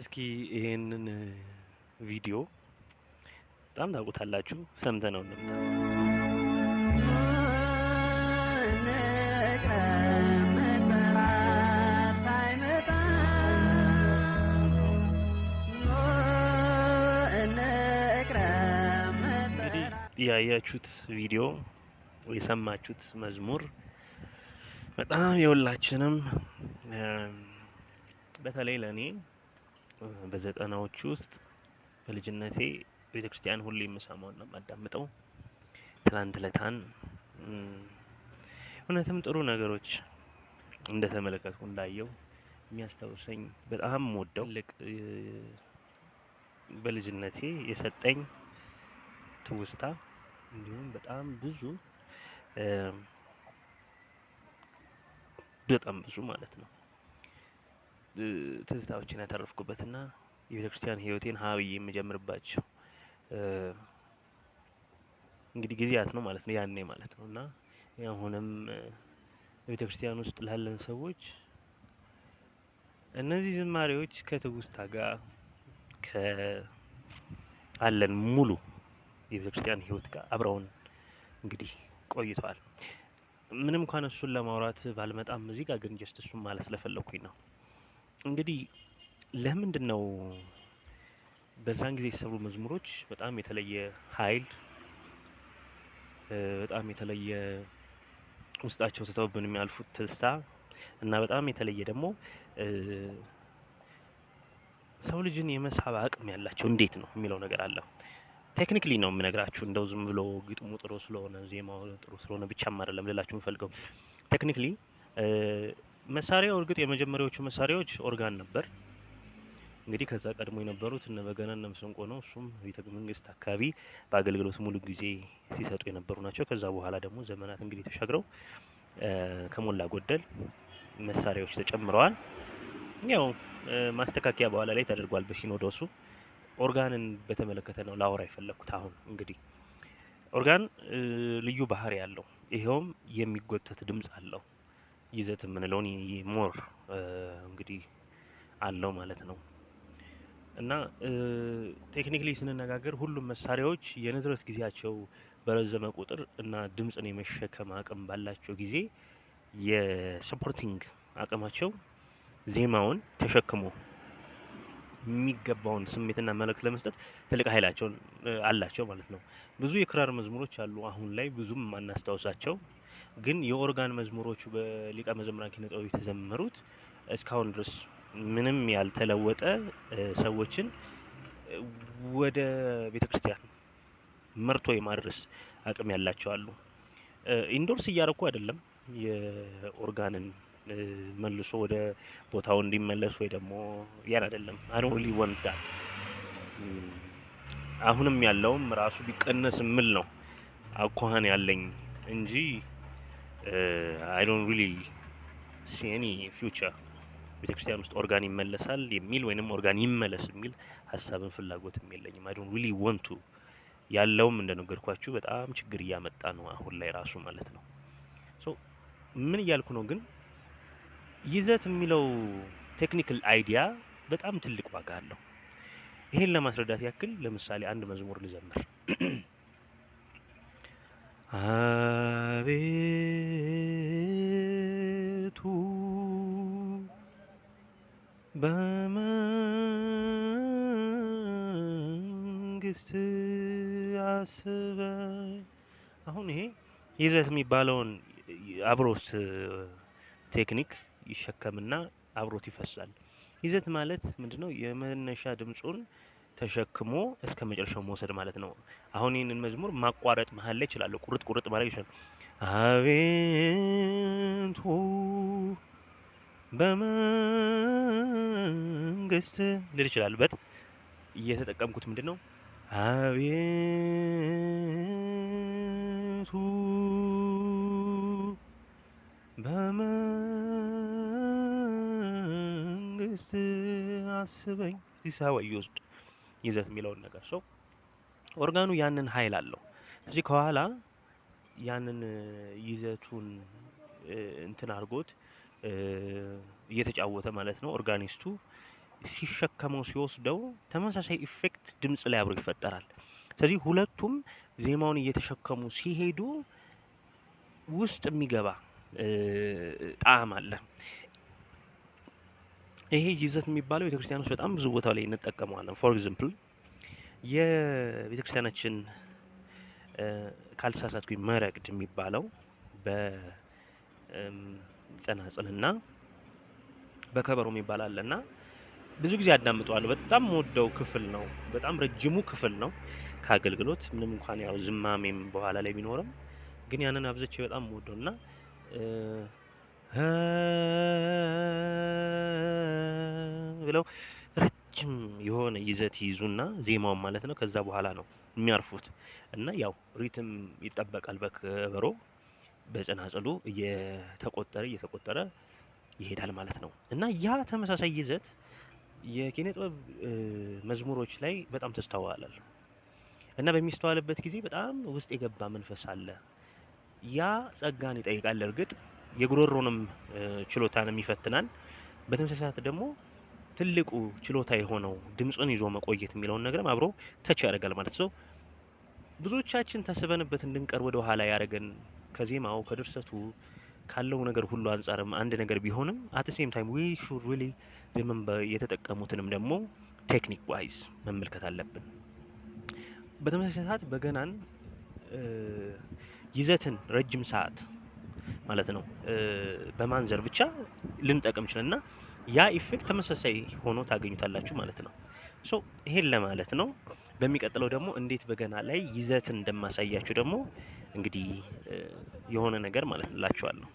እስኪ ይሄንን ቪዲዮ በጣም ታውቁታላችሁ፣ ሰምተ ነው እንደምታ ያያችሁት ቪዲዮ የሰማችሁት መዝሙር በጣም የሁላችንም በተለይ ለእኔ በዘጠናዎቹ ውስጥ በልጅነቴ ቤተ ክርስቲያን ሁሌ የምሰማውና የማዳምጠው ትላንት ለታን እውነትም ጥሩ ነገሮች እንደተመለከትኩ እንዳየው የሚያስታውሰኝ በጣም ወደው ልቅ በልጅነቴ የሰጠኝ ትውስታ እንዲሁም በጣም ብዙ በጣም ብዙ ማለት ነው ትዝታዎችን ያተረፍኩበትና የቤተክርስቲያን ክርስቲያን ህይወቴን ሀብ የምጀምርባቸው እንግዲህ ጊዜያት ነው ማለት ነው ያኔ ማለት ነው እና አሁንም ቤተ ውስጥ ላለን ሰዎች እነዚህ ዝማሬዎች ከትውስታ ጋር ከአለን ሙሉ የቤተክርስቲያን ህይወት ጋር አብረውን እንግዲህ ቆይተዋል። ምንም እንኳን እሱን ለማውራት ባልመጣም እዚህ ጋር ግን ጀስት እሱን ማለት ስለፈለኩኝ ነው። እንግዲህ ለምንድን ነው በዛን ጊዜ የተሰሩ መዝሙሮች በጣም የተለየ ኃይል በጣም የተለየ ውስጣቸው ትተውብን የሚያልፉት ትዝታ እና በጣም የተለየ ደግሞ ሰው ልጅን የመሳብ አቅም ያላቸው እንዴት ነው የሚለው ነገር አለ። ቴክኒክሊ ነው የምነግራችሁ። እንደው ዝም ብሎ ግጥሙ ጥሩ ስለሆነ ዜማው ጥሩ ስለሆነ ብቻም አይደለም ልላችሁ የምፈልገው ቴክኒክሊ መሳሪያው እርግጥ የመጀመሪያዎቹ መሳሪያዎች ኦርጋን ነበር። እንግዲህ ከዛ ቀድሞ የነበሩት እነ በገና እነ መሰንቆ ነው። እሱም ቤተ መንግስት አካባቢ በአገልግሎት ሙሉ ጊዜ ሲሰጡ የነበሩ ናቸው። ከዛ በኋላ ደግሞ ዘመናት እንግዲህ ተሻግረው ከሞላ ጎደል መሳሪያዎች ተጨምረዋል። ያው ማስተካከያ በኋላ ላይ ተደርጓል በሲኖዶሱ። ኦርጋንን በተመለከተ ነው ላወራ የፈለኩት። አሁን እንግዲህ ኦርጋን ልዩ ባህሪ ያለው ይኸውም የሚጎተት ድምጽ አለው። ይዘት የምንለውን ሞር እንግዲህ አለው ማለት ነው እና ቴክኒክሊ ስንነጋገር ሁሉም መሳሪያዎች የንዝረት ጊዜያቸው በረዘመ ቁጥር እና ድምፅን የመሸከም አቅም ባላቸው ጊዜ የሰፖርቲንግ አቅማቸው ዜማውን ተሸክሞ የሚገባውን ስሜትና መልእክት ለመስጠት ትልቅ ኃይላቸውን አላቸው ማለት ነው። ብዙ የክራር መዝሙሮች አሉ አሁን ላይ ብዙም አናስታውሳቸው ግን የኦርጋን መዝሙሮቹ በሊቀ መዘምራን ኪነ ጥበብ የተዘመሩት እስካሁን ድረስ ምንም ያልተለወጠ ሰዎችን ወደ ቤተ ክርስቲያን መርቶ የማድረስ አቅም ያላቸው አሉ። ኢንዶርስ እያረኩ አይደለም የኦርጋንን መልሶ ወደ ቦታው እንዲመለስ ወይ ደግሞ ያን አይደለም። አይ ዶንት ሪሊ ዋንት ዳት። አሁንም ያለውም ራሱ ቢቀነስ ምል ነው አኳኋን ያለኝ እንጂ አይ ዶንት ሪሊ ሲ ኤኒ ፊውቸር ቤተክርስቲያን ውስጥ ኦርጋን ይመለሳል የሚል ወይንም ኦርጋን ይመለስ የሚል ሀሳብን ፍላጎትም የለኝም። አይ ዶንት ሪሊ ወንቱ ያለውም እንደነገርኳችሁ በጣም ችግር እያመጣ ነው አሁን ላይ ራሱ ማለት ነው። ሶ ምን እያልኩ ነው ግን ይዘት የሚለው ቴክኒካል አይዲያ በጣም ትልቅ ዋጋ አለው። ይሄን ለማስረዳት ያክል ለምሳሌ አንድ መዝሙር ልዘምር። አቤቱ በመንግስት አስበኝ። አሁን ይሄ ይዘት የሚባለውን አብሮት ቴክኒክ ይሸከምና አብሮት ይፈሳል። ይዘት ማለት ምንድነው? የመነሻ ድምፁን ተሸክሞ እስከ መጨረሻው መውሰድ ማለት ነው። አሁን ይህንን መዝሙር ማቋረጥ መሀል ላይ ይችላለሁ። ቁርጥ ቁርጥ ማለት ይችላል። አቤቱ በመንግስት ልል ይችላል። በት እየተጠቀምኩት ምንድን ነው አቤቱ በመንግስት አስበኝ ሲሳ ወይ እየወስድ ይዘት የሚለውን ነገር ሰው ኦርጋኑ ያንን ሀይል አለው። ስለዚህ ከኋላ ያንን ይዘቱን እንትን አድርጎት እየተጫወተ ማለት ነው። ኦርጋኒስቱ ሲሸከመው ሲወስደው ተመሳሳይ ኢፌክት ድምጽ ላይ አብሮ ይፈጠራል። ስለዚህ ሁለቱም ዜማውን እየተሸከሙ ሲሄዱ ውስጥ የሚገባ ጣዕም አለ። ይሄ ይዘት የሚባለው ቤተክርስቲያን ውስጥ በጣም ብዙ ቦታ ላይ እንጠቀመዋለን። ፎር ኤግዛምፕል የቤተክርስቲያናችን ካልተሳሳትኩኝ መረግድ የሚባለው በጸናጽልና በከበሮ የሚባል አለና ብዙ ጊዜ አዳምጠዋለሁ። በጣም ወደው ክፍል ነው። በጣም ረጅሙ ክፍል ነው ከአገልግሎት ምንም እንኳን ያው ዝማሜም በኋላ ላይ ቢኖርም ግን ያንን አብዘቼ በጣም ወደውና ብለው ረጅም የሆነ ይዘት ይዙና ዜማውን ማለት ነው። ከዛ በኋላ ነው የሚያርፉት እና ያው ሪትም ይጠበቃል። በከበሮ በጽናጽሉ እየተቆጠረ እየተቆጠረ ይሄዳል ማለት ነው እና ያ ተመሳሳይ ይዘት የኪነ ጥበብ መዝሙሮች ላይ በጣም ተስተዋላል እና በሚስተዋልበት ጊዜ በጣም ውስጥ የገባ መንፈስ አለ። ያ ጸጋን ይጠይቃል። እርግጥ የጉሮሮንም ችሎታን ይፈትናል። በተመሳሳት ደግሞ ትልቁ ችሎታ የሆነው ድምፁን ይዞ መቆየት የሚለውን ነገርም አብሮ ተች ያደርጋል ማለት ነው። ብዙዎቻችን ተስበንበት እንድንቀር ወደ ኋላ ያደረገን ከዜማው ከድርሰቱ ካለው ነገር ሁሉ አንጻርም አንድ ነገር ቢሆንም አት ሴም ታይም ዊ ሹድ ሪሊ ሪመምበር የተጠቀሙትንም ደግሞ ቴክኒክ ዋይዝ መመልከት አለብን። በተመሳሳይ ሰዓት በገናን ይዘትን ረጅም ሰዓት ማለት ነው በማንዘር ብቻ ልንጠቅም እና ያ ኢፌክት ተመሳሳይ ሆኖ ታገኙታላችሁ ማለት ነው። ሶ ይሄን ለማለት ነው። በሚቀጥለው ደግሞ እንዴት በገና ላይ ይዘት እንደማሳያችሁ ደግሞ እንግዲህ የሆነ ነገር ማለት ላችኋለሁ።